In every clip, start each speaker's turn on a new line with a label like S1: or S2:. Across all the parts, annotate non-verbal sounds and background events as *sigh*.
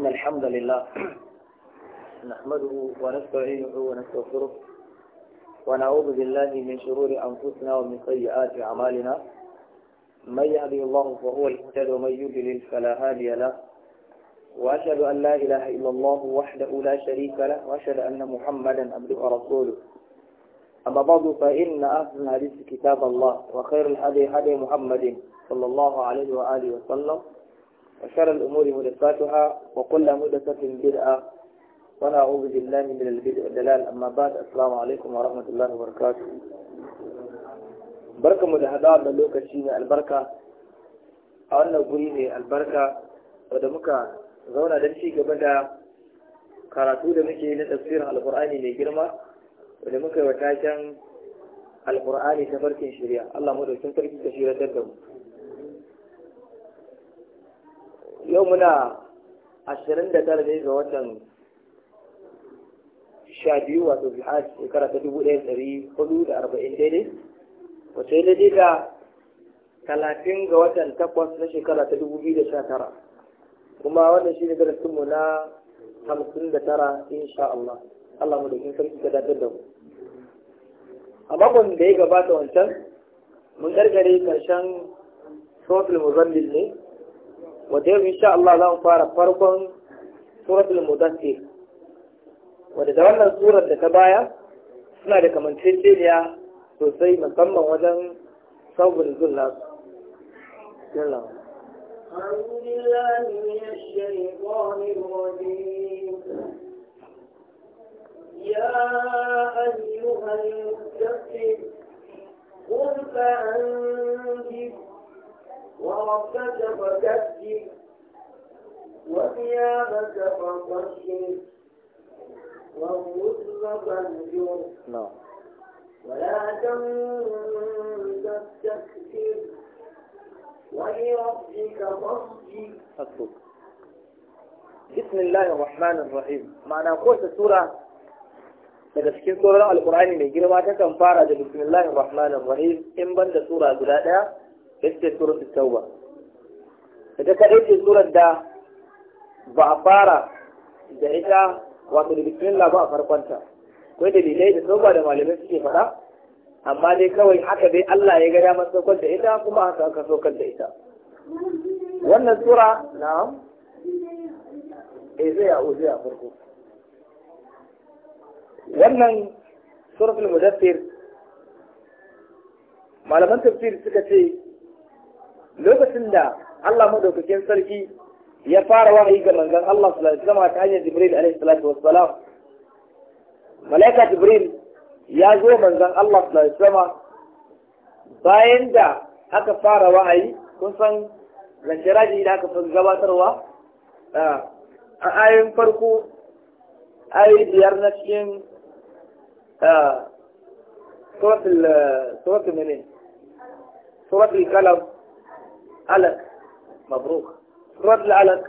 S1: إن الحمد لله *clears throat* نحمده ونستعينه ونستغفره ونعوذ بالله من شرور أنفسنا ومن سيئات أعمالنا من يهده الله فهو المهتد ومن يضلل فلا هادي له وأشهد أن لا إله إلا الله وحده لا شريك له وأشهد أن محمدا عبده ورسوله أما بعد فإن أهل الحديث كتاب الله وخير الحديث هدي محمد صلى الله عليه وآله وسلم وشر الأمور مدفاتها وكل مدفة بدعة ونعوذ بالله من البدع والدلال أما بعد السلام عليكم ورحمة الله وبركاته بركة مدهداء بلوك الشيء البركة أولا قريه البركة ودمك زونا دمشي قبل karatu da muke na tafsirin alkur'ani mai girma da muka yi wa taken alkur'ani ta farkin shirya Allah mu daukin sarki ta shirya da mu yau muna ashirin da tara ne ga watan sha biyu wato jihar shekara ta dubu ɗaya ɗari hudu da arba'in daidai wato ya daidai da talatin ga watan takwas na shekara ta dubu biyu da sha tara kuma wannan shi ne mu na hamsin da tara insha Allah Allah mu da kin sarki ka datar da mu a makon da ya gabata wancan mun gargare karshen sofil muzallil ne wadda yau insha Allah za mu fara farkon suratul mudassir wadda da wannan surar da ta baya suna da kamanceceniya sosai musamman wajen sabbin zulla yalla أعوذ بالله من
S2: الشيطان الرجيم يا
S1: أيها المدثر قل فأنذر وربك فكبر
S2: وثيابك فطهر والغسل فانجر ولا تمن تستكثر ولربك
S1: فاصبر بسم الله الرحمن الرحيم معنى قوة سورة daga cikin tsoron alkur'ani mai girma ta kan fara da bismillahir rahmanir rahim in ban da sura guda daya ita ta tauba ita ka ce surar da ba a fara da ita wato da bikin ba a farkonta da dalilai da tauba da malamai suke faɗa amma dai kawai haka dai Allah ya ga damar saukar da ita kuma haka aka saukar da ita wannan sura na eh zai a zai a farko wannan suratul mudaffir malaman tafsir suka ce lokacin da Allah madaukakin sarki ya fara wahayi ga manzon Allah sallallahu alaihi wasallam ta hanyar Jibril alaihi salatu wassalam malaika Jibril ya zo manzon Allah sallallahu alaihi wasallam bayan da aka fara wahayi kun san zance da aka fi gabatarwa a ayin farko ayi biyar na cikin suratul suratul suratul kalam علق مبروك رد العلق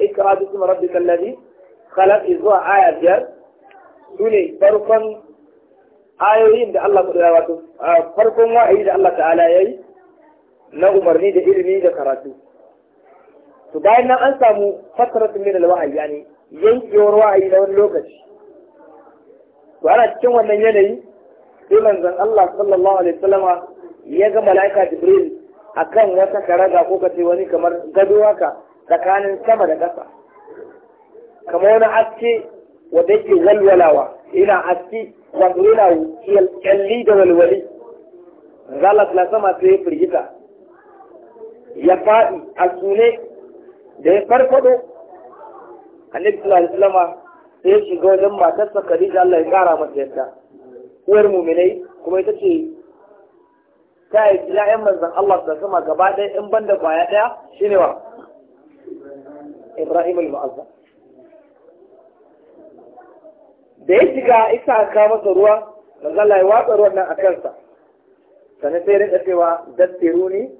S1: اقرأ باسم ربك الذي خلق إزواء آية بيار سوني فرقا ayoyin da Allah ya wato farkon wa'ayi da Allah ta'ala ya yi na umarni da ilimi da karatu to bayan na an samu fasarar min al-wa'ayi yani yankewar wa'ayi na wani lokaci to ana cikin wannan yanayi sai manzon Allah sallallahu alaihi wasallama ya ga malaika a akan wata karaga ko ka ce wani kamar gado haka tsakanin sama da ƙasa kamar wani aske wanda yake walwalawa ina aski wato yana kyalli da walwali zalat na sama sai ya firgita ya faɗi a sune da ya farfado annabi sallallahu alaihi wasallam sai ya shiga wajen matarsa Khadija Allah ya kara masa yadda uwar mu'minai kuma ita ce ta yi ‘yan manzan Allah da sama gaba ɗaya in ban da kwaya ɗaya shi ne wa Ibrahim al-Mu'azzam da ya shiga isa aka kawo masa ruwa manzan Allah ya watsa ruwan nan a kansa Sani sai rinka cewa dattiruni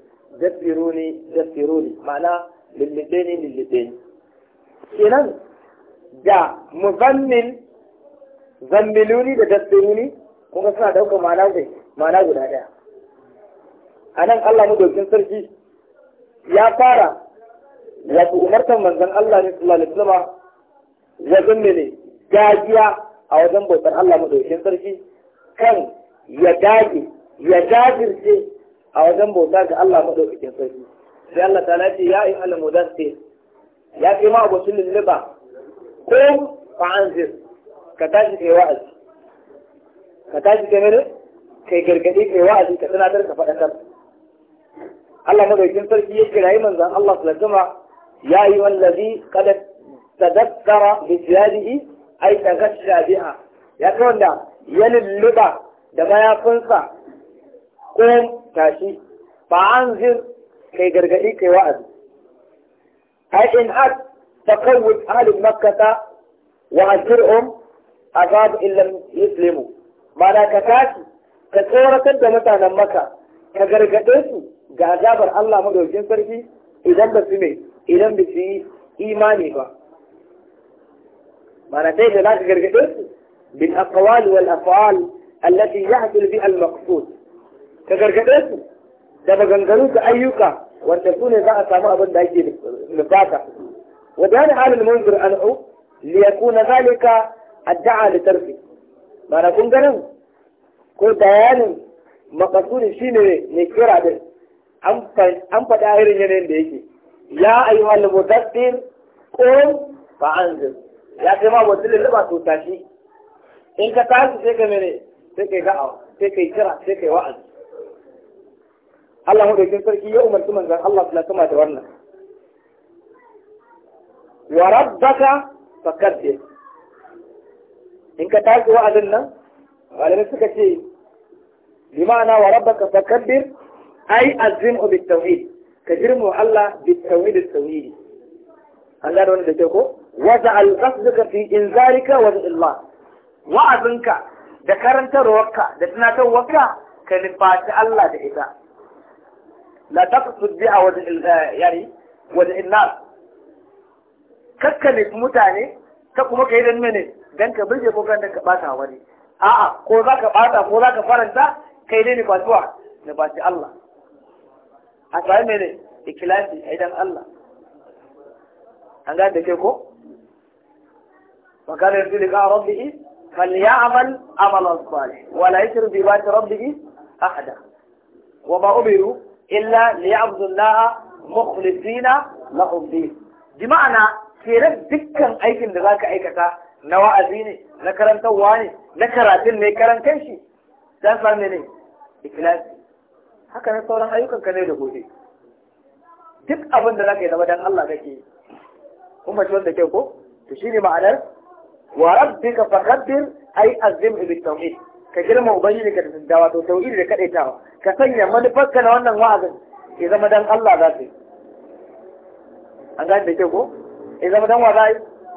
S1: dattiruni dattiruni ma'ana lullube ne, lullube ni kenan da muzammin zambiluni da dattiruni kuma suna ɗaukar ma'ana guda ɗaya a nan Allah madaukin sarki ya fara wato umartar manzan Allah ne sallallahu alaihi ya wajen mene gajiya a wajen bautar Allah madaukin sarki kan ya dage ya jajirce a wajen bauta ga Allah madaukakin sarki sai Allah ta ce ya yi alamu da ya fi ma abokin lulluba ko fa'anzir ka tashi kai wa'azi ka tashi kai mene kai gargaɗi kai wa'azi ka tunatar ka faɗakar Allah madaukin sarki ya kirayi zan Allah lantuma ya yi wallazi kada ta tadakkara bi jihadihi yi tagashsha biha ya kai wanda ya lulluba da mayafinsa ko tashi Ba an zir kai gargadi kai wa'azi ay in ta kawo halin makata wa zaɓi azab islamu ma mana ka tashi ka tsoratar da mutanen maka ka gargade su ga azabar Allah madaukin sarki idan ba su mai idan ba su yi imani ba mana sai da za ka gargaɗe su bil aqwal wal af'al allati yahsul bi al maqsud ka gargaɗe su da maganganu da ayyuka wanda su ne za a samu abin da ake nufata wa bayan halin munzir an'u li yakuna zalika adda'a li tarfi mana kun ganin ko bayanin maqsudi shine ne kira din an faɗa irin yanayin da yake ya ayyuhal ƙon ba an anzir ya kai ma mutum lulluɓa to tashi in ka tashi sai ka mene sai kai ga'a sai kai kira sai kai wa'azi Allah madaukin sarki ya umarci manzan Allah su lasama da wannan wa rabbaka fakaddir in ka tashi wa'azin nan malamai suka ce bi ma'ana wa rabbaka fakaddir ai azim bi tauhid ka girma Allah bi tauhid tauhid an gane wannan da ke ko waza al qasduka fi inzarika wa Allah wa'azinka da karantarwarka da tunatarwarka ka nufaci Allah da ita la taqsud biha wa eh, yani wa innas kakka ne mutane ka kuma ka yi dan mene dan ka burge ko kan ka bata wani a'a ko za ka bata ko za ka faranta kai ne ne ba zuwa ne ba Allah a sami mene ikilasi a idan Allah an gane da ke ko yi يرجو لقاء ربه فليعمل عملا صالحا ولا يشرك بعبادة ربه أحدا وما أمروا إلا ليعبدوا الله مخلصين له الدين بمعنى kenan dukkan aikin da zaka aikata na wa'azi ne na karantarwa ne na karatun ne karan shi. dan samu ne ikilasi. haka nan sauran ayyukan ka ne da gobe duk abin da zaka yi zama dan Allah kake yi kun fahimci wanda kyau ko to shine ma'anar wa rabbika fakabbir ay azim bi tawhid ka girma ubangiji ka dawa wato tawhid da kadaitawa ka sanya manufarka na wannan wa'azin ya zama dan Allah za su yi an gane da kyau ko ya zama dan wa za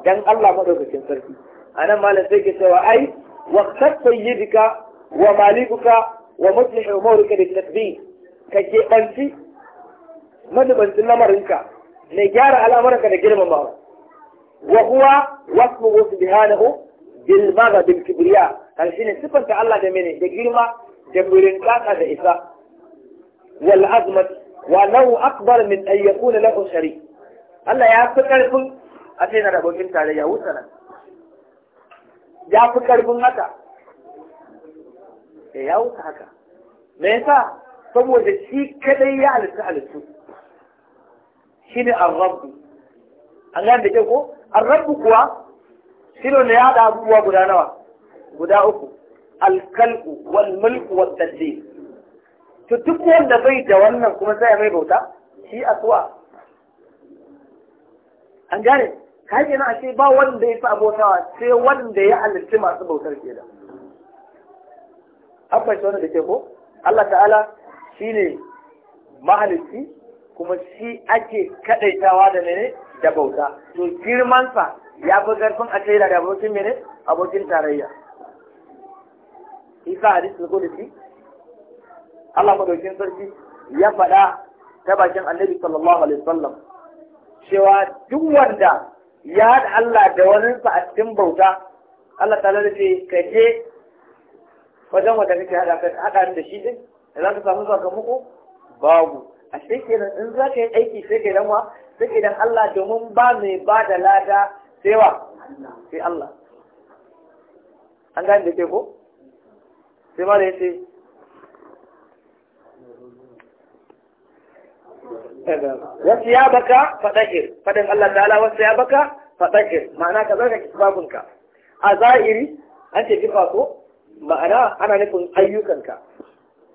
S1: dan Allah madaukakin sarki anan malam sai ke cewa ai wa duka wa malikuka wa muslih umurika da tasbih ka keɓanci madubancin lamarinka mai gyara al'amuranka da girmamawa wa huwa wasmuhu subhanahu bil magha bil kibriya kan shine sifanta Allah da mene da girma da burin kaka da isa wal azmat wa akbar min an yakuna Allah ya fi ƙarfin a na da ya tarayya wutsana ya fi karfin haka da ya wuce haka me yasa saboda shi kadai ya halitta halittu shi ne arrabu an gane da kyau ko arrabu kuwa shi ne ya da abubuwa guda nawa guda uku alkalku wal mulku wal tadbir to duk wanda bai da wannan kuma sai ya mai bauta shi aswa an gane ka kenan ce ba wanda ya fi abotawa sai wanda ya halitta masu bautar kenan an fahimci wannan da ke ko Allah ta'ala shi ne mahalicci kuma shi ake kaɗaitawa da mene da bauta to girmansa ya fi ƙarfin a shaida da abokin mene abokin tarayya isa da shi Allah madaukin sarki ya faɗa ta bakin annabi sallallahu alaihi wasallam cewa duk wanda ya haɗa Allah da waninsa a cikin bauta Allah ta lalace ka je wajen wanda kake haɗa da shi din da za ka samu muku? babu a sai kenan in za ka yi aiki sai ka wa sai ka dan Allah domin ba mai ba da lada sai wa sai Allah an gani da ke ko sai ma da yace wasu ya baka faɗaƙir faɗin Allah ta'ala wasu ya baka faɗaƙir ma'ana ka zaka kifabunka a zahiri an ce kifa ko ma'ana ana nufin ayyukanka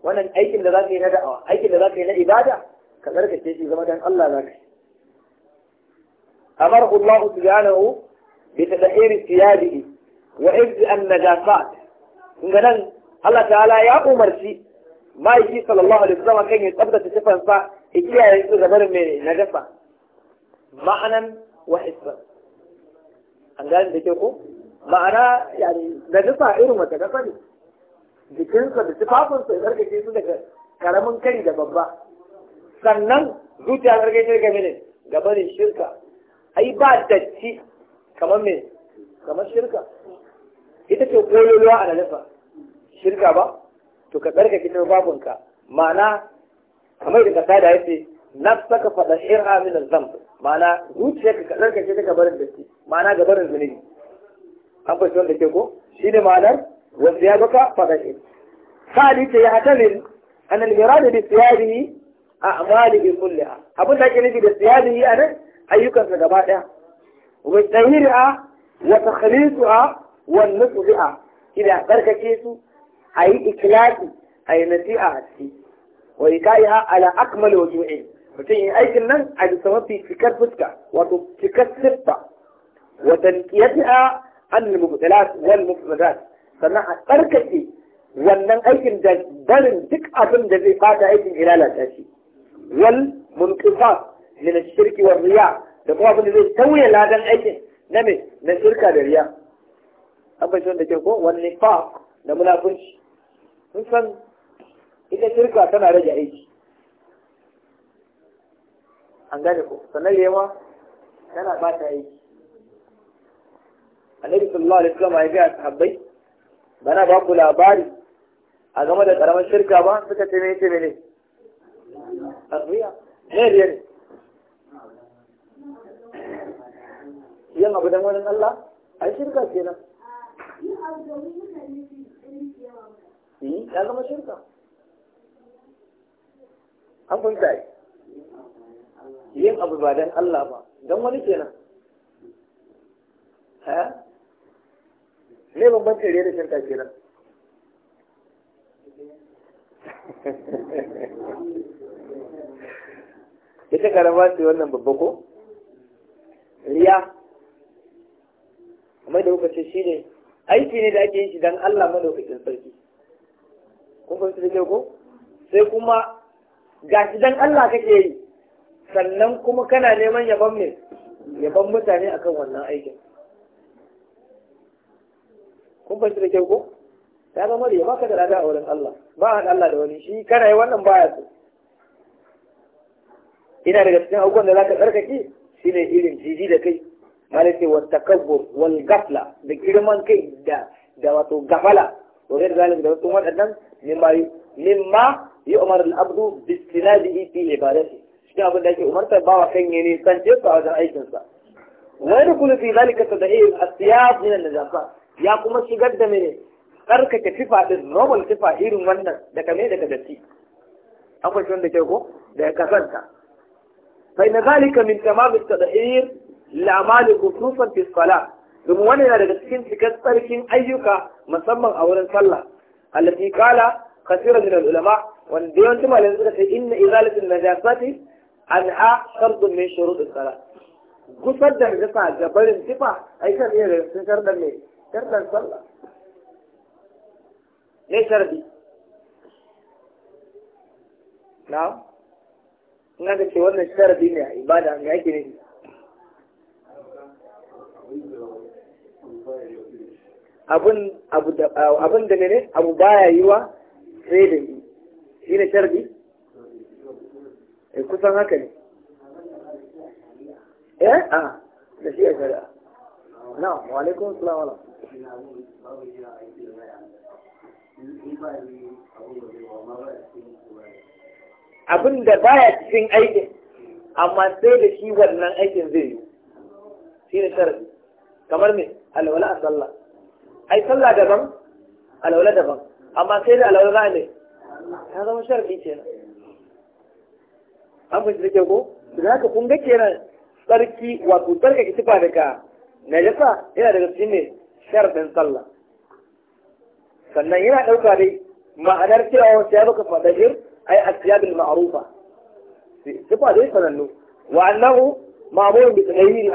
S1: wannan aikin da za ka yi na da'awa aikin da za ka yi na ibada ka tsarkake shi zama dan Allah za ka yi amarahu Allah subhanahu bi tadhiri thiyabihi wa izzi an najasat kunga nan Allah ta'ala ya umarci ma'aiki sallallahu alaihi wasallam kan ya tsabtace sifansa ya kiyaye su gabar mai najasa ma'anan wa hisban an gane da ke ko ma'ana yani da nufa irin wata na sani jikinsa da tufafinsa ya tsarkake su daga karamin kari da babba sannan zuciya tsarkake ne gaba gabanin shirka ai ba datti kamar me kamar shirka ita ce koyoyowa a nufa shirka ba to ka tsarkake tufafinka ma'ana kamar da kasa da na nafsaka fadashirha min al-dhanb ma'ana zuciyarka ka tsarkake ta gabarin datti ma'ana gabarin zunubi an fashi wanda ke ko shi ne ma'anar wanda ya baka faɗaɗe sa'adi ce ya hatalin an almirada da siyadihi a amali bi kulliha abin da ake nufi da siyadihi a nan ayyukansa gaba ɗaya wa tahiri'a wa takhlisu'a wa nutsu'a ila tsarkake su a yi ikilasi a yi nasi'a a ciki wa ikaiha ala akmal wujuhi mutum yi aikin nan a bisa mafi cikar fuska wato cikar siffa wa tanqiyatiha an al-mubtilat wal mufsadat sannan a tsarkake wannan aikin da barin duk abin da zai fata aikin ya lalata shi wal munqifat min ash-shirki wa riya da kuma abin da zai tauye ladan aikin na me na shirka da riya an ko da munafunci san shirka tana rage aiki an gane ku. sannan yawa tana bata aiki annabi sallallahu alaihi wasallam ya ga sahabbai bana ba ku labari a game da karamar shirka ba suka ce mene mene ne riya ne yin abu dan wani Allah ai shirka kenan yi hmm, ya zama shirka an fahimta yin abu ba don Allah ba don wani kenan ha ne bambancin riya da shirka kenan ita karama ce wannan babba ko riya amma da kuka ce ne aiki ne da ake yin shi don Allah madaukakin sarki kun fahimta da ko sai kuma gashi don Allah kake yi sannan kuma kana neman yaban mai yaban mutane akan wannan aikin kun fahimci da kyau ko ta zama da ba ka da lada a wurin Allah ba a Allah da wani shi kana yi wannan baya so ina daga cikin abubuwan da za ka tsarkake ne irin jiji da kai malaka wata takabbur wani gafla da girman kai da da wato gafala wani da zalim da wasu waɗannan mimma yi umar al'abdu abdu da istinadihi ibadati shi abin da ake umarta ba kan ya ne san a wajen aikinsa wani kulu da zalika tad'im as na min na najasat ya kuma shigar da mene tsarkake tifa din normal tifa irin wannan daga me daga datti an kwanci wanda ke ko da ya kasanta fa inna zalika min tamam at-tadhir la'amal khusufan fi salat domin wannan yana daga cikin cikin tsarkin ayyuka musamman a wurin sallah allati qala kathira min al-ulama wanda yawanci malamai suka ce inna izalatin najasati a shartun min shurut as-salat gusar da najasa ga barin tifa ai kan iya da sun mai. sharɗan sallah me sharɗi na in aka ce wannan sharɗi ne a ibada ga ake nufi abin abu da abin da ne abu baya yiwa sai da yi shi ne sharɗi eh, kusan haka ne eh a ah,
S2: da shi ya shari'a
S1: abin da baya cikin aikin amma sai da shi wannan aikin zai yi shi ne sharadi kamar me alwala a sallah ai sallah daban alwala daban amma sai da alwala za a ne ta zama ce na an fahimci da kyau ko da haka kun ga kenan tsarki wato tsarkake tufa daga نجفا هي رجسيني شر من طلا فنحن هنا نقولي ما أدرت أو سيابك فدجر أي أسياب المعروفة سبا ذي فنحن وأنه معمول بتغيير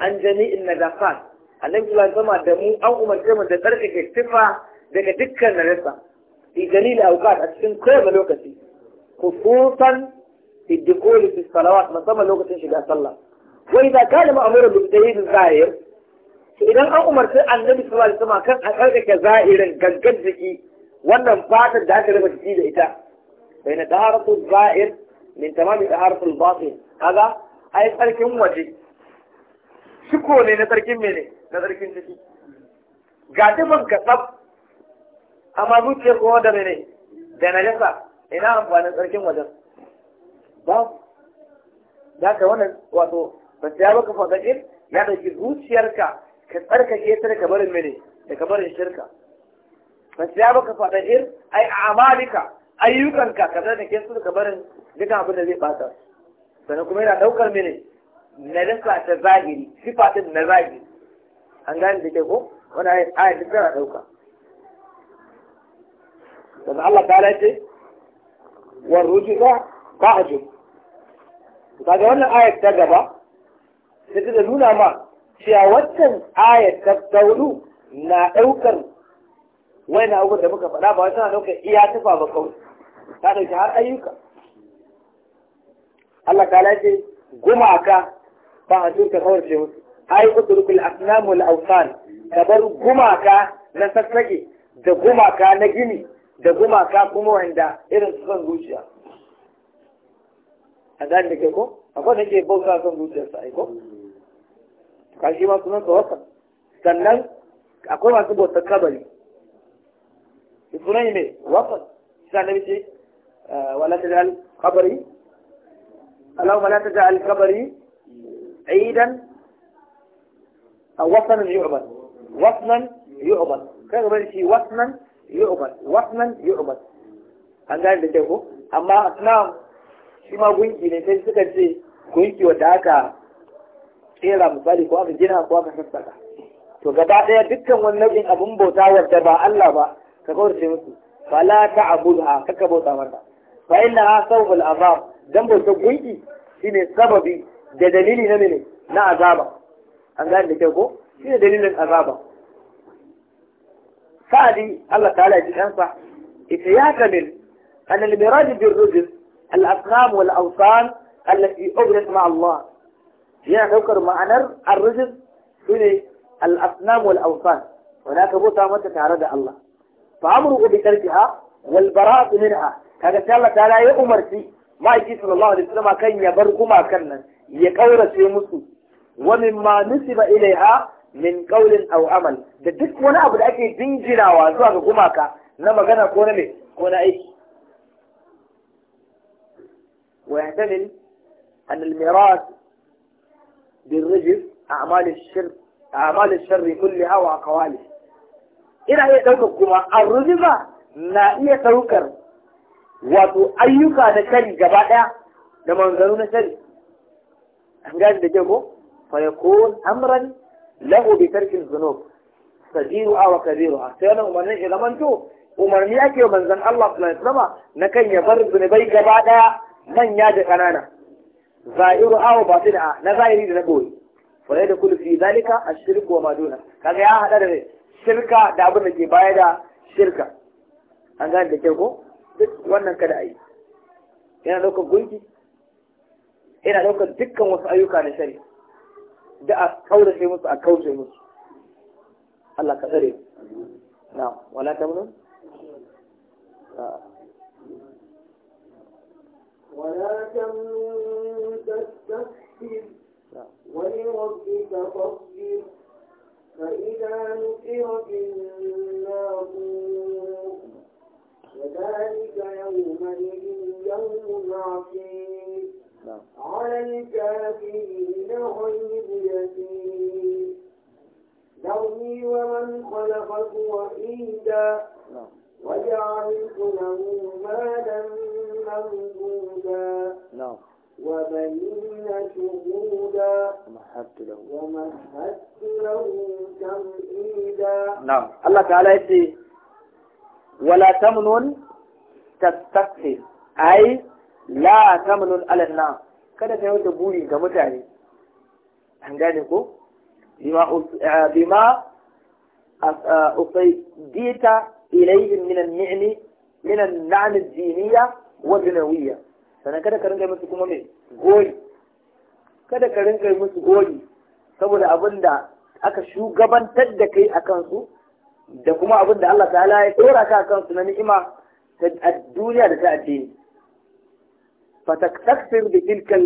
S1: عن جميع النجفات أنهم كلهم ثم دموا أو ما كانوا ذكرك كتفا ذك ذكر نجفا في جليل أوقات أتكلم كل من وقتي خصوصا في الدخول في الصلوات ما ثم الوقت إيش جالس وإذا كان مأمور بالتهيئ الظاهر idan an umarci annabi sallallahu alaihi wasallam kan a tsarkake za'irin gangan jiki wannan fatar da aka raba jiki da ita bai na taharatu za'ir min tamami taharatul batin kaga ai tsarkin waje shiko ne na tsarkin mene na tsarkin jiki ga dukkan kasab amma zuciyar ko da mene da na yasa ina amfanin tsarkin wajen ba da ka wannan wato ba ta baka fadakin ya ɗauki zuciyarka ka tsarkake ta daga kamar mene da kamar shirka ba ya baka faɗa ir ai amalika ayyukanka ka tsarkake su daga barin duka abin da zai ɓata sannan kuma yana ɗaukar mene na rasa ta zahiri sifatin na zahiri an gane da ke ko wani ayat duk tana ɗauka sannan Allah ta lace warrujuka ba'ajum ga wannan ayat ta gaba sai ta nuna ma cewa wannan ayat ta kaulu na ɗaukar wani abubuwan da muka faɗa ba wata na ɗaukar iya tufa ba kawai ta ɗauki har ayyuka Allah ta lafi gumaka ba a tuka kawar ce musu ai utrukul asnamu al awsan ka bar gumaka na sassaƙe da gumaka na gini da gumaka kuma wanda irin su son zuciya a gani da ke ko akwai da ke bauta son zuciyarsa ai ko ka shi ma sunan wasan sannan akwai masu bautar kabari sunan mai wasan shi na ce eh, wala ta ja'al kabari Allah wala ta ja'al kabari aidan a wasanin yu'bad wasnan yu'bad kai gaban shi wasnan yu'bad yi yu'bad an gani da kyau ko amma suna shi ma gunki ne sai suka ce gunki wadda aka kera misali ko aka gina ko aka sassaka to gaba daya dukkan wannan din abun bauta wanda ba Allah ba ka kawarce musu fala ta'budha kaka bauta mata fa inna sawbul azab dan bauta gunki shine sababi da dalili na mene na azaba an gane da ko shine dalilin azaba sadi Allah ta'ala ji kansa ita ya kamil an al-mirad bil rujul al-asnam wal awsan التي أبرز مع الله yana ɗaukar ma'anar arrijin su ne al'asnam wal awsan wanda bota mata tare da Allah fa ku bi ha? wal bara'atu minha kaga sai Allah ta'ala ya umarci ma'aiki sallallahu alaihi wasallam kan ya bar gumakan nan ya kaurace musu wa mimma nusiba ilaiha min qawlin aw amal da duk wani abu da ake jinjirawa zuwa ga gumaka na magana ko na me ko na aiki ويعتمد أن الميراث بالرجل أعمال الشر أعمال الشر كلها وأقواله ina iya ɗaukar kuma arruzifa na iya ɗaukar wato ayyuka na shari gaba ɗaya da manzanu na shari an gani da jago fa yakun amran lahu bi tarkin kabiru a sai umarnin shi umarni ake manzan Allah sallallahu alaihi wasallam na kan ya bar zunubai gaba ɗaya manya da ƙanana za'iru awa da na zahiri da na goyi wala da kullu fi zalika ashirku wa maduna kaga ya hada da shirka da abin da ke baya da shirka an gane da kyau ko duk wannan kada ayi yana daukar gunki yana daukar dukkan wasu ayyuka na shari da a kaurace musu a kaurace musu Allah ka tsare na wala ta mun
S2: ولا تمنون فاستكبر نعم. ولربك فاصبر فإذا نقر في الناقور وذلك يومئذ يوم عسير نعم. على الكافرين غير يسير ذرني ومن خلقت وحيدا نعم. وجعلت له مالا ممدودا وبنين شهودا
S1: ومهدت له
S2: ومهدت تمهيدا
S1: نعم الله تعالى يقول ولا تمنن تستكثر اي لا تمنن على النار كذا تقول تبوري كما تعني هنجاني كو بما بما أصيديت إليه من النعم من النعم الدينية والدنيوية sannan kada ka rinka musu kuma mai goyi kada ka rinka musu goyi saboda abin da aka shugabantar da kai a kansu da kuma abin da Allah ta'ala ya tsora ka a kansu na ni'ima ta duniya da ta addini fataktakfir da tilkal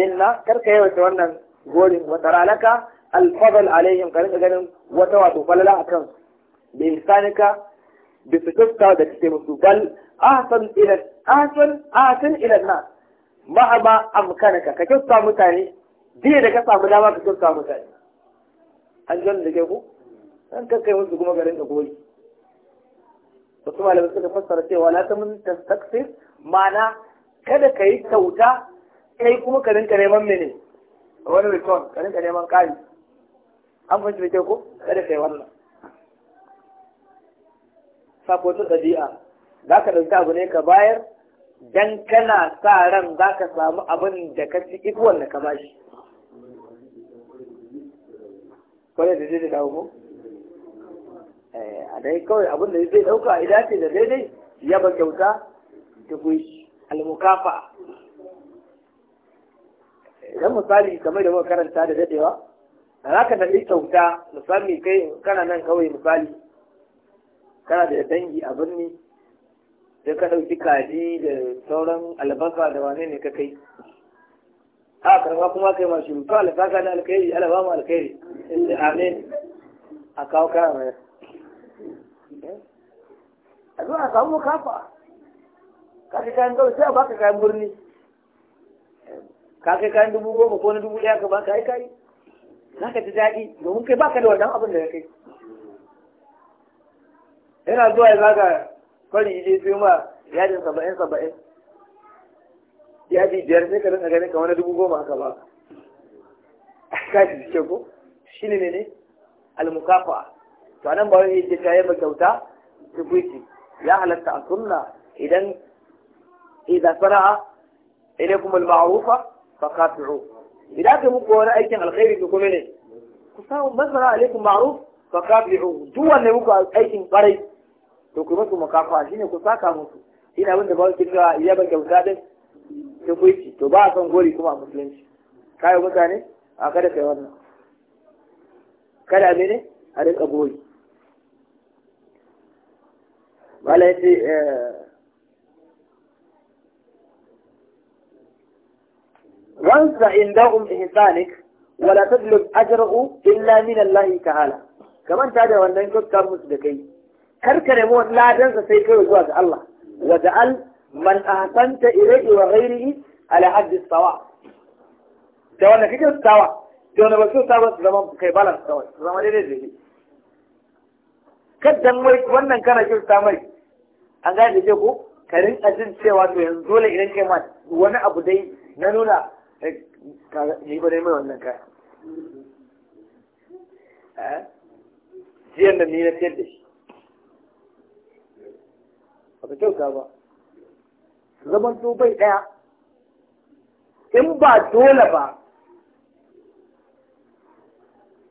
S1: nina karka ta wannan gorin wata ralaka alfadal alaihim ka rinka ganin wata wato falala a kansu bi ihsanika da su kyauta da kake musu bal ahsan ila ahsan ahsan ila nas ma ma amkanaka ka kyauta mutane dai da ka samu dama ka kyauta mutane an jan da ku an kakkai musu kuma garin da goyi wasu malamai suka fassara cewa la tamun tastaksir ma'ana kada ka yi kyauta kai kuma ka rinka neman mene wani return ka rinka neman kari an fahimci da ke ku kada ka yi wannan sa ta ɗabi'a za ka ɗauki abu ne ka bayar dan kana sa ran za ka samu abin da ka ci ikuwan da ka bashi kwanar da zai dawo ko eh, a dai kawai abin da zai ɗauka a idace da daidai ya ba kyauta ta kuyi almukafa idan misali kamar da muka karanta da dadewa za ka nabi kyauta misali kai kana nan kawai misali kana da dangi a birni sai ka ɗauki kaji da sauran albasa da wane ne ka kai a karba kuma kai masu rutu albasa da alkhairi alaba mu alkhairi inda amin a kawo kara a zuwa a samu kafa ka kai kayan gaba sai a baka kayan birni ka kai kayan dubu goma ko na dubu ɗaya ka baka ai kai za ka ji daɗi domin kai baka da wannan abin da ya kai yana zuwa ya zaga kwari je sai ma yajin saba'in saba'in yaji biyar sai ka rinka ganin kamar dubu goma haka ba ka ji ce ko shi ne ne almukafa to anan ba wani yake kayan yi kyauta kwiki ya halatta a sunna idan idan sana'a idan kuma al-ma'rufa fa qati'u idan ka muku wani aikin alkhairi ko kuma ne ku samu masana alaikum ma'ruf fa qati'u duk wanda muku aikin barai to ku musu makafa shine ku saka musu ina abin da ba ku cewa iya ba kyauta din ta kuici to ba a son gori kuma a musulunci kai mutane a kada kai wannan kada mene a rinka gori wala ya ce wansa eh, inda um ihsanik wala tadlub ajra'u illa min Allah ta'ala kaman ta da wannan kyautar musu da kai karkare mu ladansa sai kai zuwa ga Allah wa ja'al man ahsanta ilayhi wa ghayrihi ala hadd sawa da wanda kike sawa da wanda ba su sawa su zama kai balance sawa su zama dai da shi kaddan mai wannan kana kirta mai an gane da ke ko karin ajin cewa to yanzu dole idan kai ma wani abu dai na nuna eh, yi ba dai mai wannan kaya eh? Jiya da ni na sayar da shi ba kyauta ba zaman to bai ɗaya in ba dole ba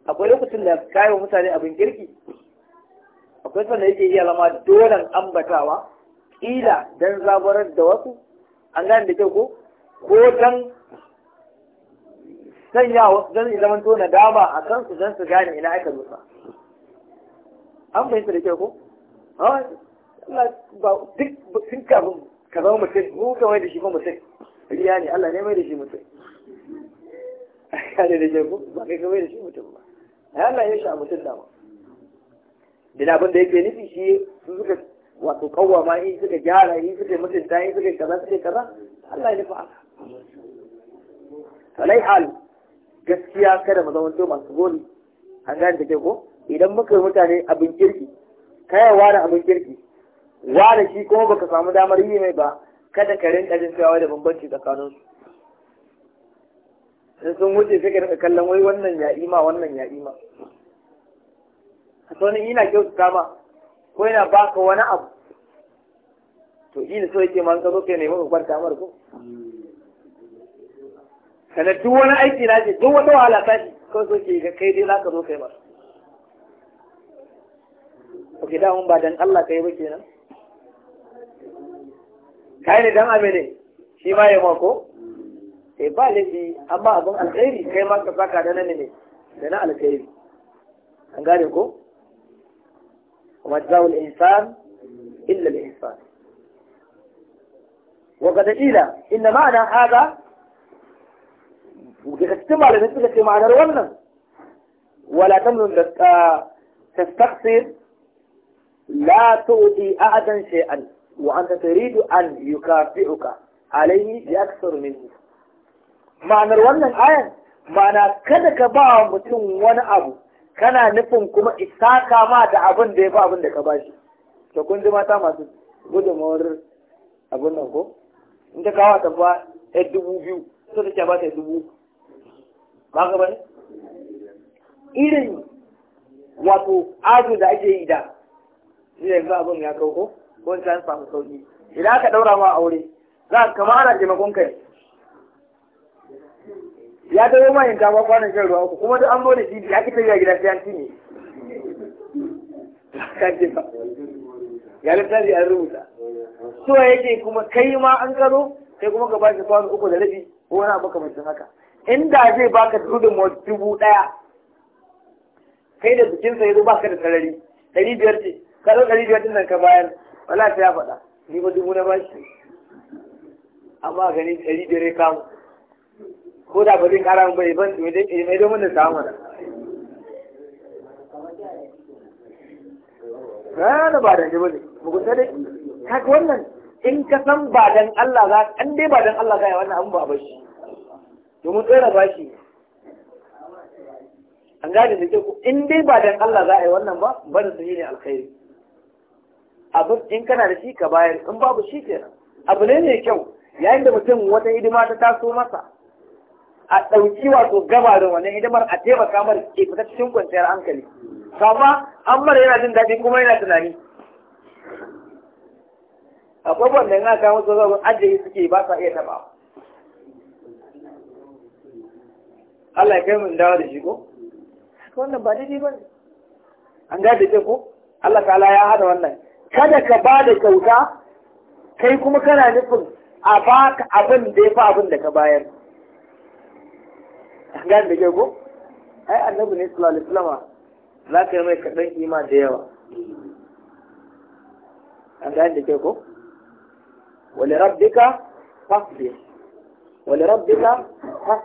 S1: akwai lokacin da kayan mutane abin girki akwai sanda yake iya zama dolen ambatawa ƙila don zaburar da wasu an gane da kyau ko ko don sanya wasu don zaman to nadama a kansu don su gane ina aka zo an fahimta da kyau ko duk sun kafin ka zama mutum mu ka mai da shi ko mutum riya ne Allah ne mai da shi mutum kare da jago ba kai ka mai da shi mutum ba ai Allah ya shi a mutum dama dan abin da yake nufi shi su suka wato ma in suka gyara in suka mutunta in suka kaza suka kaza Allah ya nufa haka falai hal gaskiya kada mu zama masu goli an gane da ke ko idan muka yi mutane abin kirki kayawa da abin kirki da shi kuma baka samu damar yi mai ba kada ka rinka jin cewa da bambanci tsakanin su sai sun wuce sai ka rinka kallon wai wannan ya ima wannan ya ima a wani ina kyautata ma ko ina baka wani abu to ina so yake man ka zo kai ne maka kwanta mar ko kana duk wani aiki na ce duk wata wahala ta ce kawai so ke ga kai dai za ka zo kai ba Ok, da mun ba dan Allah kai ba kenan. kai ne dan amene shi ma ya mako sai eh, ba laifi amma abin alkhairi kai ma ka saka da nan ne da na alkhairi an gane ko kuma zaul insan illa al insan wa qad ila inna ma'ana hada kada cikin malamai suka ce ma'anar wannan wala tamnun da ah, tastaqsir la tu'ti ahadan shay'an وأنت تريد أن يكافئك عليه بأكثر منه معنى wannan ayan ma'ana kada ka ba wa mutum wani abu kana nufin kuma isaka ma da abin da ya fi abin da ka bashi to kun ji mata masu gudunmawar abin nan ko in ta kawo ta ba ya dubu biyu so ta ba ta dubu ba ka bane irin wato azu da ake yi da shi yanzu abin ya kauko ko in ka samu sauki idan aka daura ma aure za ka kama ana taimakon kai ya dawo ma yin kama kwanan shan ruwa uku kuma duk an zo da shi ya ki ya gida sai an cinye ya littafi an rubuta so yake kuma kai ma an karo sai kuma ka bashi kwano uku da rabi ko wani abu kamar haka inda zai baka mu dubu daya, kai da bikin ya zo baka da sarari ɗari biyar ce ka zo ɗari biyar ɗin nan ka bayar wala ta ya faɗa ni ba dubu na bashi amma gani ɗari dare kamu ko da ba zai ƙara bai ban mai domin da samu da
S2: rana ba da ji
S1: ba ne kusa dai haka wannan in ka san ba dan Allah za an dai ba dan Allah ga wannan abun ba ba shi domin tsere ba shi an gane da ke in dai ba dan Allah za a yi wannan ba ba da su ne alkhairi abin in kana da shi ka bayar in babu shi kenan abu ne mai kyau yayin da mutum wata hidima ta taso masa a ɗauki wato gabarin wannan hidimar a taimaka kamar ke fita cikin kwanciyar hankali kama an mara yana jin daɗi kuma yana tunani akwai wanda yana kawo su zaɓin ajiye suke ba sa iya taɓa Allah ya kai mun dawo da shi ko wannan ba daidai ba ne an gada ce ko Allah ta'ala ya hada wannan kada ka ba da kyauta kai kuma kana nufin a ka abin da ya fi abin da ka bayar gan da ke ko ai annabi ne su alaihi lama, za ka yi mai kaɗan kima da yawa an gan da ke ko wali rabbika wani wali rabbika Ka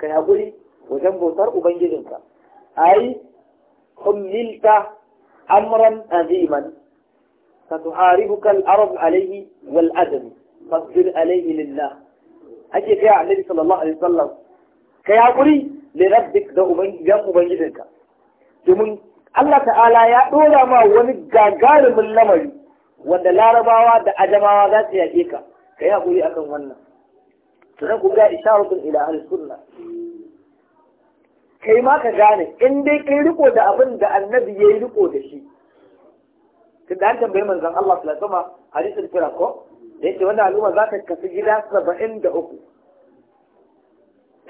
S1: kai haƙuri wajen bautar ubangijinka ai kullilta amran aziman ستحاربك العرب عليه والأدم فاصبر عليه لله ake kai annabi sallallahu alaihi wasallam kai hakuri da rabbik da ubangijan ubangijinka domin Allah ta'ala ya dora ma wani gagarumin lamari wanda larabawa da ajamawa za su yaƙe ka kai hakuri akan wannan sannan ku ga isharatun ila ahli sunna kai ma ka gane in dai kai riko da abin da annabi yayi riko da shi tunda an tambayi manzon Allah sallallahu alaihi wasallam hadisin kira ko da yake wannan al'umma za ta kasu gida saba'in da uku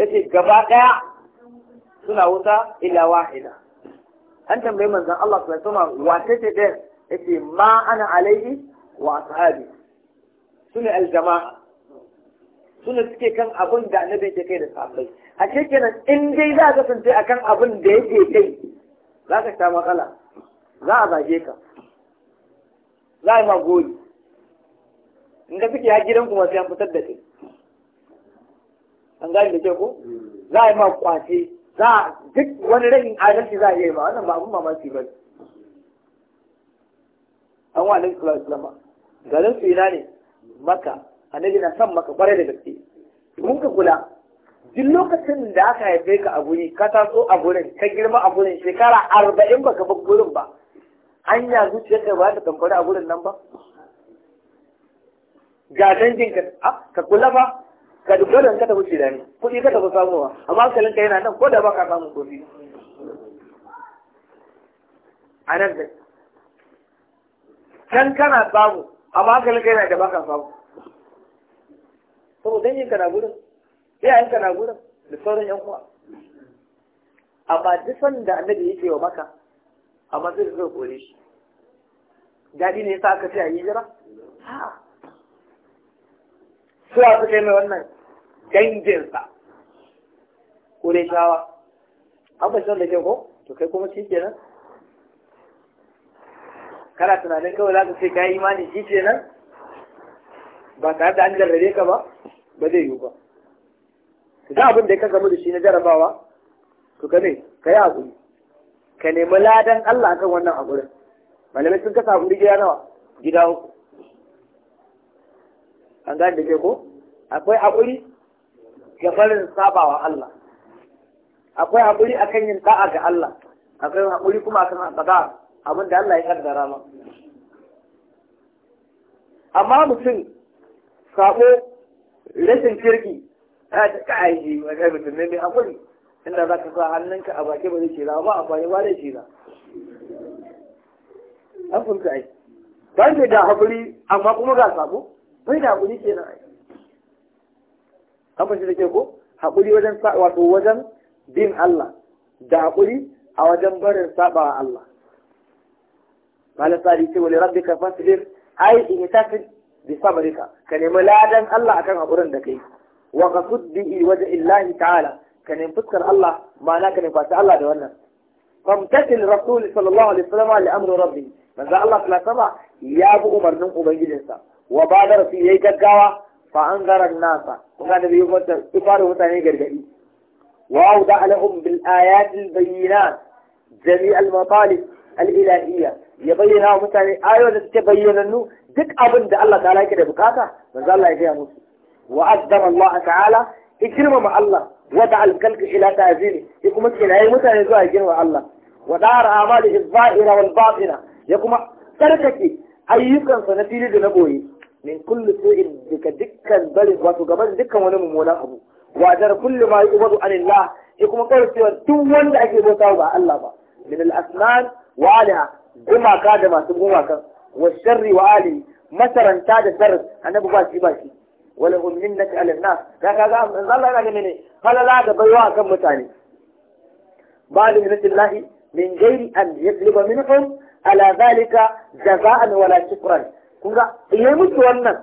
S1: yace gaba daya suna wuta ila wahida an tambayi manzon Allah sallallahu alaihi wasallam wace ce da yace ma ana alaihi wa ashabi sune aljama'a suna suke kan abun da annabi ke kai da sahabbai a kenan in dai za ka kasance akan abun da yake kai za ka sha matsala za a zage ka za a ma gori in ka suke ya gidan kuma sai an fitar da kai an gani da ke ko za a yi ma kwace za a duk wani rahin adalci za a yi ma wannan ba abun mamaki ba an wa alaihi salatu wasallam garin su ina ne maka annabi na san maka kwarai da gaske mun ka kula duk lokacin da aka haife ka a guri ka taso a gurin ka girma a gurin shekara arba'in baka bar gurin ba hanya da ba ta kamfari a gurin nan ba ga danginka ka kula ba ka duk dole ka tafi ni, kuɗi ka tafi samuwa amma hankalinka yana nan ko da ba ka samun kofi a nan da can kana samu amma hankalinka yana da ba ka samu saboda ka na gudun, gurin ka na gudun, da sauran yan uwa amma duk sanda annabi yake wa maka amma sai zai kore shi daɗi ne sa aka ce a yi jira suwa suka yi mai wannan danginsa kore shawa an shan da ke ko to kai kuma shi kenan kana tunanin kawai za ka ce ka yi imani shi kenan ba tare da an jarrare ka ba ba zai yiwu ba ka abin da ka gamu da shi na jarabawa to ka ne ka yi ka nemi ladan Allah kan wannan a gurin malamai sun kasa guri gida nawa gida uku an gane da ke ko akwai haƙuri ga barin sabawa Allah akwai haƙuri akan yin ta'a ga Allah akwai haƙuri kuma akan haɗaɗa abin da Allah ya kaddara ma amma mutum sabo rashin kirki ta ta ka aiki wajen mutum ne mai haƙuri inda za ka sa hannunka a baki ba zai shira ba a baki ba zai shira an funka ai ba zai da haƙuri amma kuma ga sabo bai da haƙuri kenan ai an fashe da ke ko haƙuri wajen wato wajen bin Allah da haƙuri a wajen barin saba Allah malam sadi ce wani rabbi ka fasir ai in tafi bi sabrika ka nemi ladan Allah akan haƙurin da kai wa qasuddi wajen illahi ta'ala ka nemi fuskar Allah ma'ana ka nemi fata Allah da wannan famtasil rasul sallallahu alaihi wasallam li amri rabbi manzo Allah sallallahu alaihi ya bi umarnin ubangijinsa wa badar fi yayi gaggawa fa anzara nasa kuma da biyu wata ifaru mutane gargadi wa auda alahum bil ayati al bayyinat jami' al matalib al ilahiyya ya bayyana wa mutane ayoyin da suke bayyanannu duk abin da Allah ta yake da bukata manzo Allah ya gaya musu wa azzama Allah ta'ala ikirmama Allah wada alkalka ila ta'zimi ya kuma kirayi mutane zuwa girma Allah wa dar amali zahira wal batina ya kuma tsarkake ayyukansa na fili da na boye min kulli su'in daga dukkan bari wato gaban dukkan wani mummunan abu wa dar kulli ma yu'badu anillah ya kuma kauracewa duk wanda ake bauta ba Allah ba min al asnan wa alaha gumaka da masu gumakan wa sharri wa ali masaranta da sharri annabi ba shi ba shi wala hum minnati na? nas ka ga ga Allah yana ganin ne falala da baiwa kan mutane ba da minatillahi min ghairi an yadliba minhum ala zalika jaza'an wala shukran kun ga yayi mutu wannan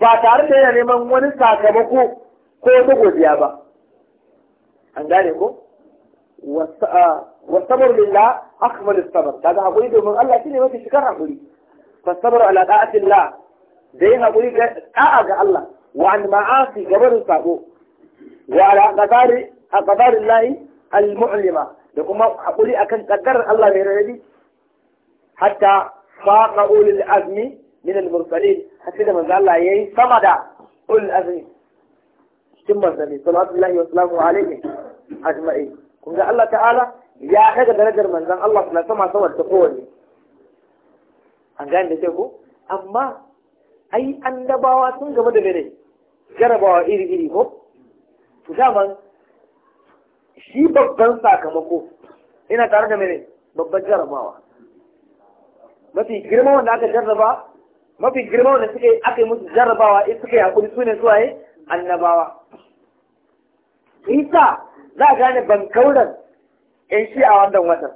S1: ba tare da yana neman wani sakamako ko ta godiya ba an gane ko والصبر لله أكمل الصبر هذا هقولي دوم الله كذي ما في شكر هقولي فالصبر على طاعة الله زي a'a ga Allah. وعن معاصي جبر الصابو وعلى قدر قدر الله المعلمة لكم أقول أكن قدر الله من الذي حتى فاق أول الأزم من المرسلين حتى من قال الله يهي سمد أول الأزم ثم النبي صلى الله وسلم عليه أجمعين كم قال الله تعالى يا حاجة درجة من ذن الله صلى الله عليه وسلم تقول أنجان gane أما أي amma ai annabawa sun jarabawa iri-iri ko? To daman shi babban sakamako ina tare da mene babban jarabawa. Mafi girma wanda aka jarraba, mafi girma wanda suka yi aka yi musu jarrabawa in suka yi hakuri sune suwaye annabawa. Isa za a gane ban kauran in shi a wannan watan.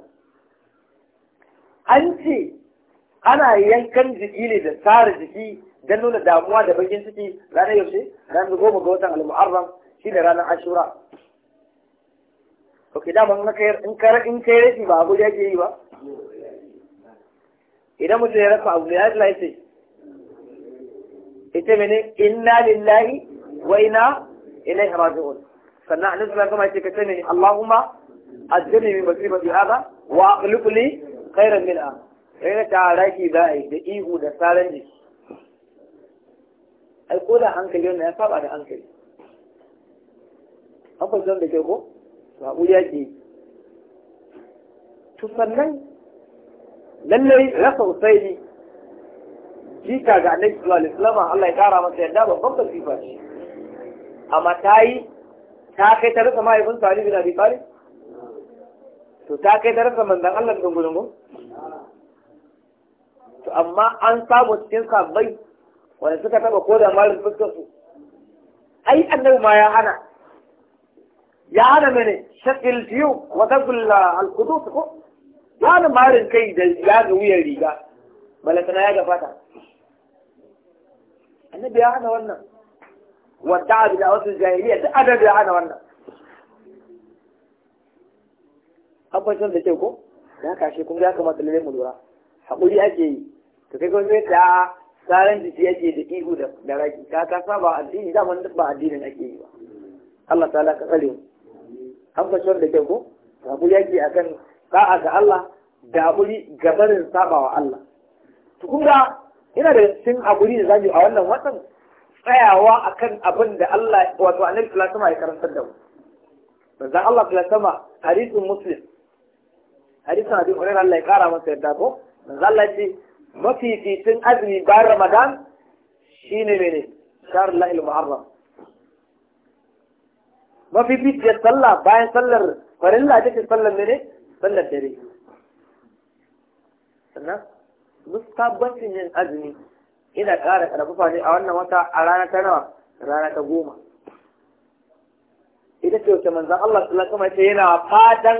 S1: An ce ana yankan jiki ne da tsara jiki dan nuna damuwa da bakin ciki ranar yaushe ranar goma ga watan al-muharram shine ranar ashura ok dama in ka in ka in ka rashi ba abu yake yi ba idan mutum ya rasa abu ya Allah ya ce ita mene inna lillahi wa inna ilaihi raji'un sannan annabi sallallahu alaihi wasallam ya ce ka ce Allahumma ajirni min masibati hada wa akhliq li khairan minha yana ta raki da ihu da saran jiki ai ko da hankali wannan ya saba da hankali an zan da ke ko ba ya ke to sannan lallai rasa usaini jika ga annabi sallallahu alaihi wasallam Allah ya kara masa yadda babban kasifa ce amma ta yi ta kai ta rasa mahaifin Ali bin Abi Talib to ta kai ta rasa manzon Allah da gungun to amma an samu cikin sabai wanda suka taba ko da malin fuskar su ai annabi ma ya hana ya hana mene shakil tiyu wa dabul ah, alqudus ko ya hana marin kai da ya ga wuyan riga na ya fata annabi ya hana wannan wadda da wasu jahiliya duk annabi ya hana wannan abincin da ke ko ya kashe kuma ya kamata lalle mu lura hakuri ake yi to kai kuma wani ta kayan jiki yake da ihu da raki ka ka saba addini da man ba addinin ake yi ba Allah ta'ala ka tsare mu an fashon da kyau ko kabul yake akan da'a ga Allah da aburi gabarin sabawa Allah to kun ga ina da cikin aburi da zamu a wannan watan tsayawa akan abin da Allah wato annabi sallallahu alaihi ya karantar da mu manzon Allah sallallahu alaihi wasallam hadisin muslim da hadin Allah ya kara masa yadda ko manzon Allah ya ce fitin azumi bayan ramadan shine mene shahar lahil muharram mafificiyar sallah bayan sallar farilla take sallar mene sallar dare sannan mustabbacin yin azumi ina ƙara ƙarfafa ne a wannan wata a rana ta nawa rana ta goma ita ce wata manzan Allah sallallahu alaihi wasallam yana fatan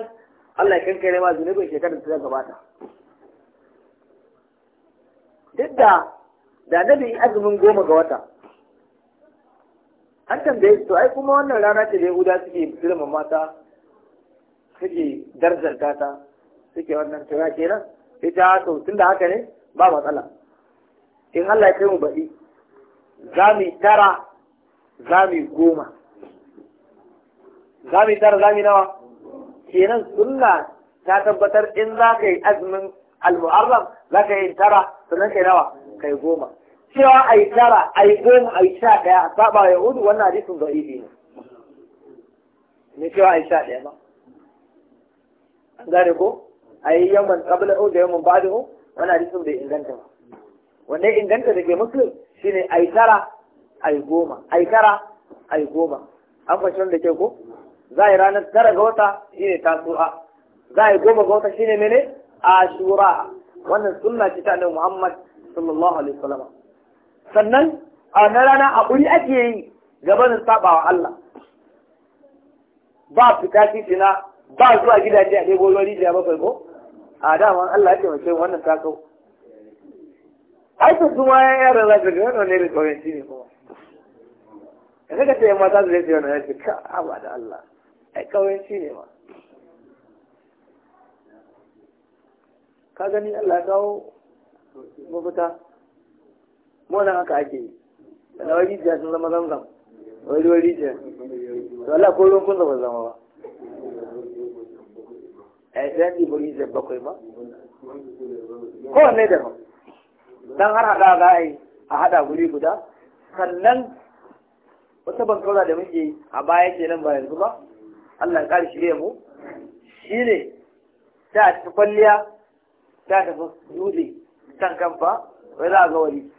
S1: Allah ya kankare ma zunubin shekarar da ta gabata duk da da nabi azumin goma ga wata an tambaye to ai kuma wannan rana ce da yahuda suke girma mata suke darzarta ta suke wannan tura kenan sai ta to tunda haka ne ba matsala in Allah ya kai mu baɗi za mu tara za mu goma za mu tara za mu nawa kenan sunna ta tabbatar in za ka yi azumin al za ka yi tara sannan kai nawa kai goma cewa ai tara ai goma ai sha daya a saba ya yahudu wannan hadisin da'ifi ne ne cewa ai sha daya ba an gane ko ai yaman qabla o da yaman o wannan hadisin bai inganta ba wanda inganta da ke muslim shine ai tara ai goma ai tara ai goma an fashin da ke ko za a yi ranar tara ga wata shine tasu'a za a yi goma ga wata shine mene ashura wannan sunna ce ta annabi Muhammad sallallahu alaihi wasallam sannan a na rana hakuri ake yi gabanin sabawa Allah ba fita titina ba zuwa gidaje a ɗebo da rijiya bakwai ko a dama Allah ya taimake wannan takau to kuma ya yaran lafiya da wannan ne da shi ne kuma da kaga ce mata su zai yi wannan ya ce ka da Allah ai shi ne ma ka gani Allah ya kawo mafita mona haka ake yi wani rijiya sun zama zamzam wani wani rijiya to Allah ko ruwan kun zama zama ba eh, a yi ɗan ɗiba rijiyar bakwai ba Ko da ba dan har haɗa za a yi a haɗa guri guda sannan wata bankaura da muke a baya kenan ba yanzu ba Allah ya ƙara shirye mu shine ta a cikin kwalliya ta tafi dutse kan kamfa wai za a ga wani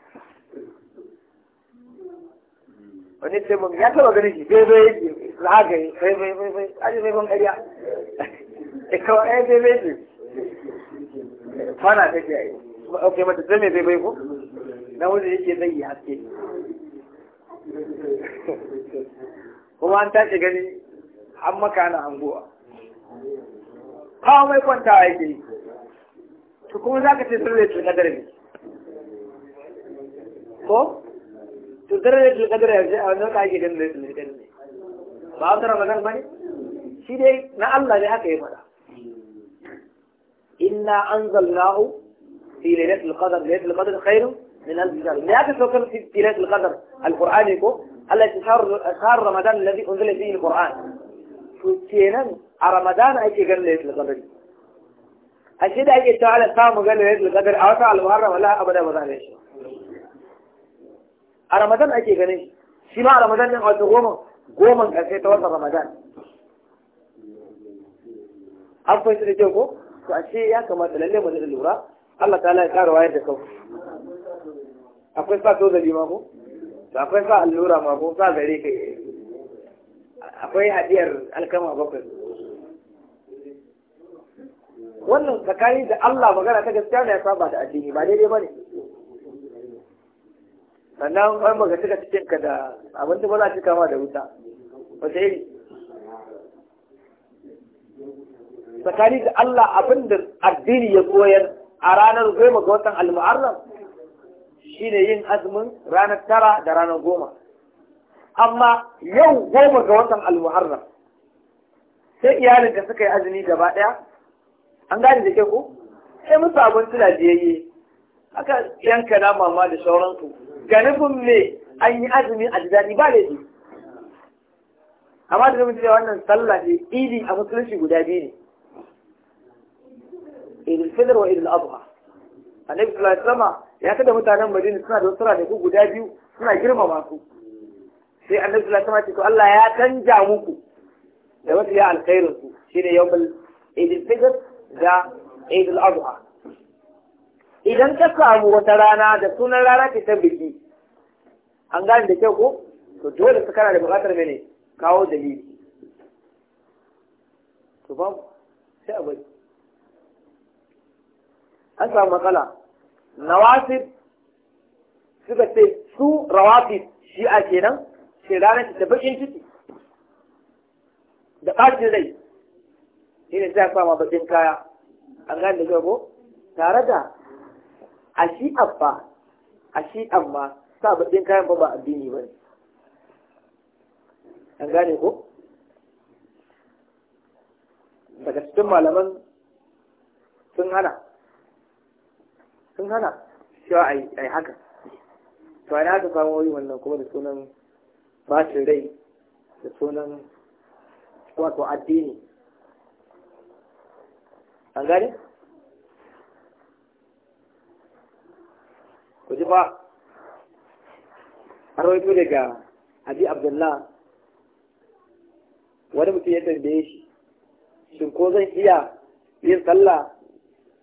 S1: wani sai ya taba ganin shi bai bai yake haka yi bai bai bai bai aji bai ban ƙarya *laughs* eh, kawai ɗaya eh, bai bai ce kwana ta ce ai ok na wanda yake zai yi haske *laughs* kuma an tashi gani an maka na anguwa kawai kwanta yake yi to kuma za ka ce zarratul qadar ne ko to zarratul qadar ya a wannan ka ake ganin zarratul qadar ne ba wata ramadan bane shi dai na Allah ne haka ya fada inna anzalnahu fi lailatul qadar lailatul qadar khairun من ألف شهر من هذا فكر في ليلة القدر القرآن يكون التي شهر شهر رمضان الذي أنزل فيه القرآن فكينا رمضان أي شيء ليلة القدر a da ake cewa ala samu gane ya zuwa kadar a wata al wala Allah abada ba za a shi a ramadan ake ganin shi shi ma a ramadan ɗin wata goma goman ƙarshe ta wata ramadan an fahimta da kyau ko to a ce ya kamata lalle mu da lura Allah ta ya ƙara wayar da kau akwai sa tozali ma ko to akwai sa allura ma ko sa gare kai akwai hadiyar alkama bakwai wannan tsakani da Allah magana ta gaskiya ne ya saba da addini ba daidai bane sannan an baka cika cikin ka da abin da ba za ka kama da wuta wata iri tsakani da Allah abin da addini ya koyar a ranar goma ga watan al shine yin azumin ranar tara da ranar goma amma yau goma ga watan al sai iyalin da suka yi azumi gaba daya an gane da ke ku? sai musu abinci lafiyayye aka yanka na mama da sauransu Gani nufin me an yi azumi a ji ba da amma da nufin cewa wannan sallah ne idi a musulunci guda biyu ne idil fitr wa idil adha annabi sallallahu alaihi wasallam ya kada mutanen madina suna da wasu ranaku guda biyu suna girmama ku. sai annabi sallallahu alaihi wasallam ce Allah ya canja muku da wasu ya alkhairin su shine yawmul idil fitr da Eid al-Adha idan ta samu wata rana da sunan rana ce ta biki an gane da kyau ko to dole su kana da buƙatar mene kawo dalili to ba sai a bari an samu matsala nawasib suka ce su rawafis shi a kenan sai ranar ta bakin ciki da ɓacin rai shi ne sai ma bakin kaya an gane da ko tare da a shi abba a shi amma sa bakin kayan ba ba addini ba ne an gane ko daga cikin malaman sun hana sun hana cewa a yi haka to a yi haka samun yi wannan kuma da sunan bashin rai da sunan wato addini an gane ku ji ba an rawaito daga abi abdullah wani mutum ya tambaye shi shin ko zan iya yin sallah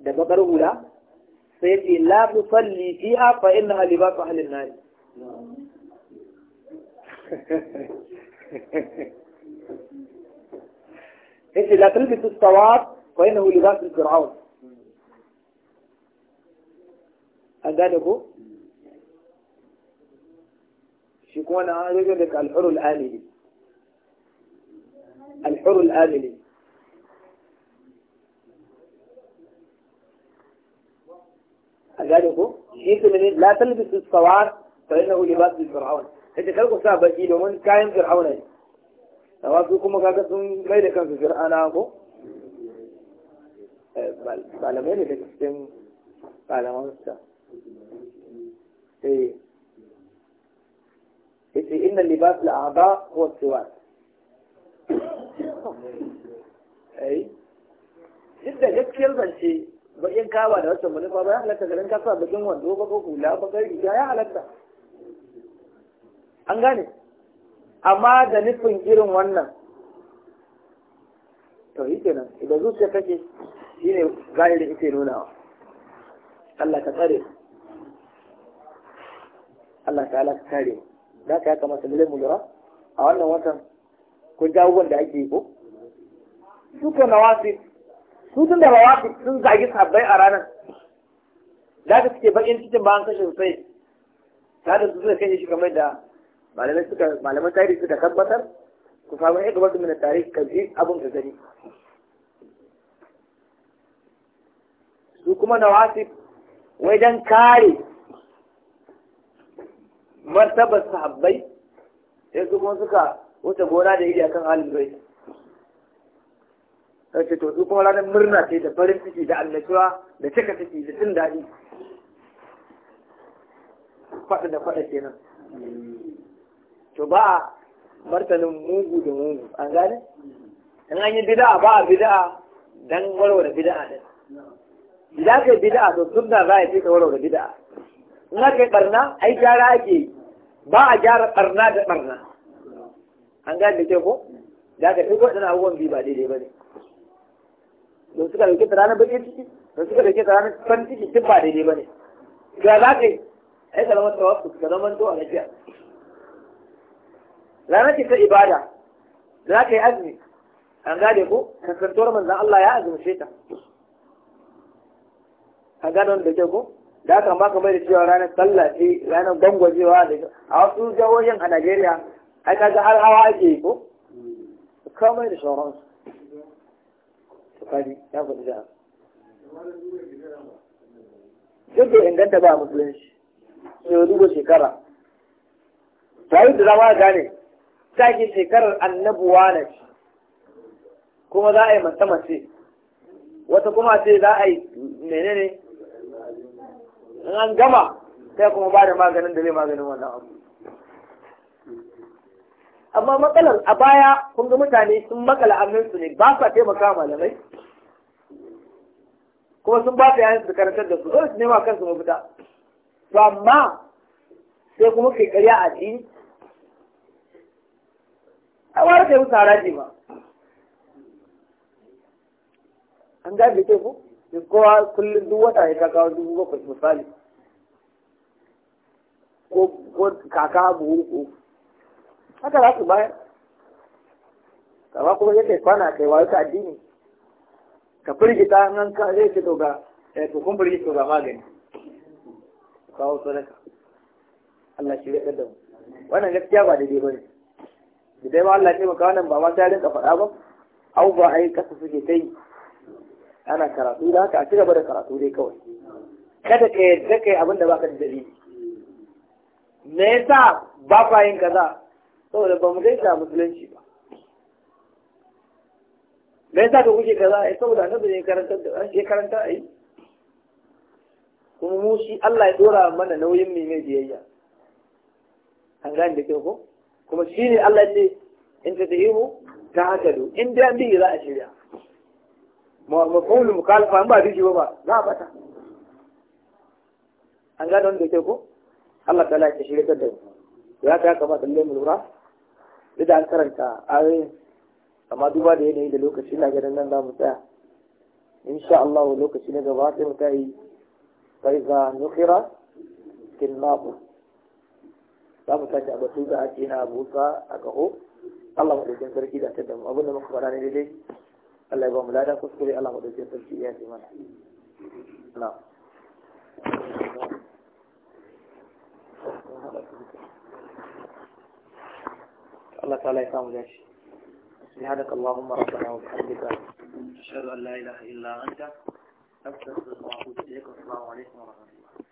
S1: da bakar hula sai ya ce la musalli fiha fa inna libaqu ahlin nar yace la talbisu sawab وإنه لباس الفرعون شكون هذا يقول لك الحر الالي الحر الالي أندانكو حيث من لا تلبس الصوار فإنه لباس الفرعون هذا كلكم صعب إلى من كائن فرعون أي اقول لكم كان سون غير كان فرعون malamai ne da cikin malamansa eh yace ina libas al-a'da huwa siwak ai eh. duk da gaskiyar zance yin kawa da wasu manufa ba ya halatta garin kasa bakin wando ba ko hula ba kai riga ya halatta an gane amma da nufin irin wannan to yi kenan idan zuciya kake shi ne zahirin ita nuna wa? Allah ka tsare Allah ta ka kare da ka ya kamata lalle mu lura a wannan watan kun ji abubuwan da ake yi ko su ko wasi su tun da nawasi sun zagi sabbai a ranar da ka suke bakin cikin ba an kashe sosai ta da su suka kashe shi kamar da malamai suka malaman tarihi suka tabbatar ku samu ya gaba su mina tarihi kan abin ka gani su kuma na wasu wajen kare martabar sahabbai sai su kuma suka wuce gona da iri kan halin rai sai to su kuma ranar murna ce da farin ciki da annashuwa da cika ciki da jin daɗi faɗa da faɗa kenan to ba a martanin mugu da mugu an gane in an yi bida'a ba a bida'a dan warware bida'a ɗin da aka yi bid'a to sunna za a fi tsawaro ga bid'a in aka yi barna ai gyara ake yi ba a gyara barna da barna an gane da ke ko da aka fi waɗannan abubuwan biyu ba daidai ba ne don suka dauke ta ranar baƙin ciki don suka dauke ta ranar fan ciki duk ba daidai ba ne ga za ka yi ai ka zama su ka zama to a lafiya ranar ce ta ibada za ka yi azumi an gane ko kasantuwar manzan Allah ya azumce ta ka gano da ke ko da aka ma kamar da cewa ranar tallafi ranar gwangwajewa da ke. a wasu jihohin a Najeriya ai kaga har hawa ake yi ko kamar da shawarar to ya faɗi da duk da inganta ba musulunci sai duba shekara ta yi da zama gane ta ke shekarar annabuwa na kuma za a yi mace wata kuma ce za a yi menene an gama sai kuma ba da maganin da zai maganin wannan abu amma matsalar a baya kun ga mutane sun makala aminsu ne ba sa taimaka malamai kuma sun ba ta yayin su karantar da su dole su nema kansu mafita to amma sai kuma kai karya a ji a wara kai musu haraji ma an gabe ke ku shi kowa kullum duk wata ya kawo dubu bakwai misali ko kaka abu hunko haka za su bayar kama kuma ya kai kwana kai wayo ta addini ka firgita in an ka zai ce to ga eh, to kun firgita ga magani kawo sadaka Allah shi ya da mu wannan gaskiya ba daidai bane da dai ba Allah ya taimaka wannan ba ma ta rinka faɗa ba au ba ai kasa suke ta yi ana karatu da haka a ci gaba da karatu dai kawai kada ka yarda kai abin da baka da dalili me yasa ba ka yin kaza saboda ba mu gaisa musulunci ba me yasa ka kuke kaza ai saboda na ne karanta da shi karanta ai kuma mu shi Allah ya dora mana nauyin mu mai biyayya an gane da kyau ko kuma shi ne Allah ce in ta mu ta haka do in an bi za a shirya mafawul mukalafa in ba dishi ba za a bata an gane wanda ke ko Allah ta lafiya shirya da mu ya ta kamata lalle mu lura duk da an karanta ayoyin amma duba da yanayi da lokaci na ganin nan za mu tsaya insha Allah lokaci ne gaba sai mu ta yi faiza nukira kin nabu za mu tashi a batu da ake na busa a kaho Allah madaukin sarki da ta damu abinda muka faɗa ne daidai Allah ya ba mu lada kuskure Allah mu dauke sarki ya ce mana na Allah ta'ala ya samu سبحانك اللهم ربنا وبحمدك أشهد أن لا إله إلا أنت
S2: أستغفرك وأتوب إليك والسلام عليكم ورحمة الله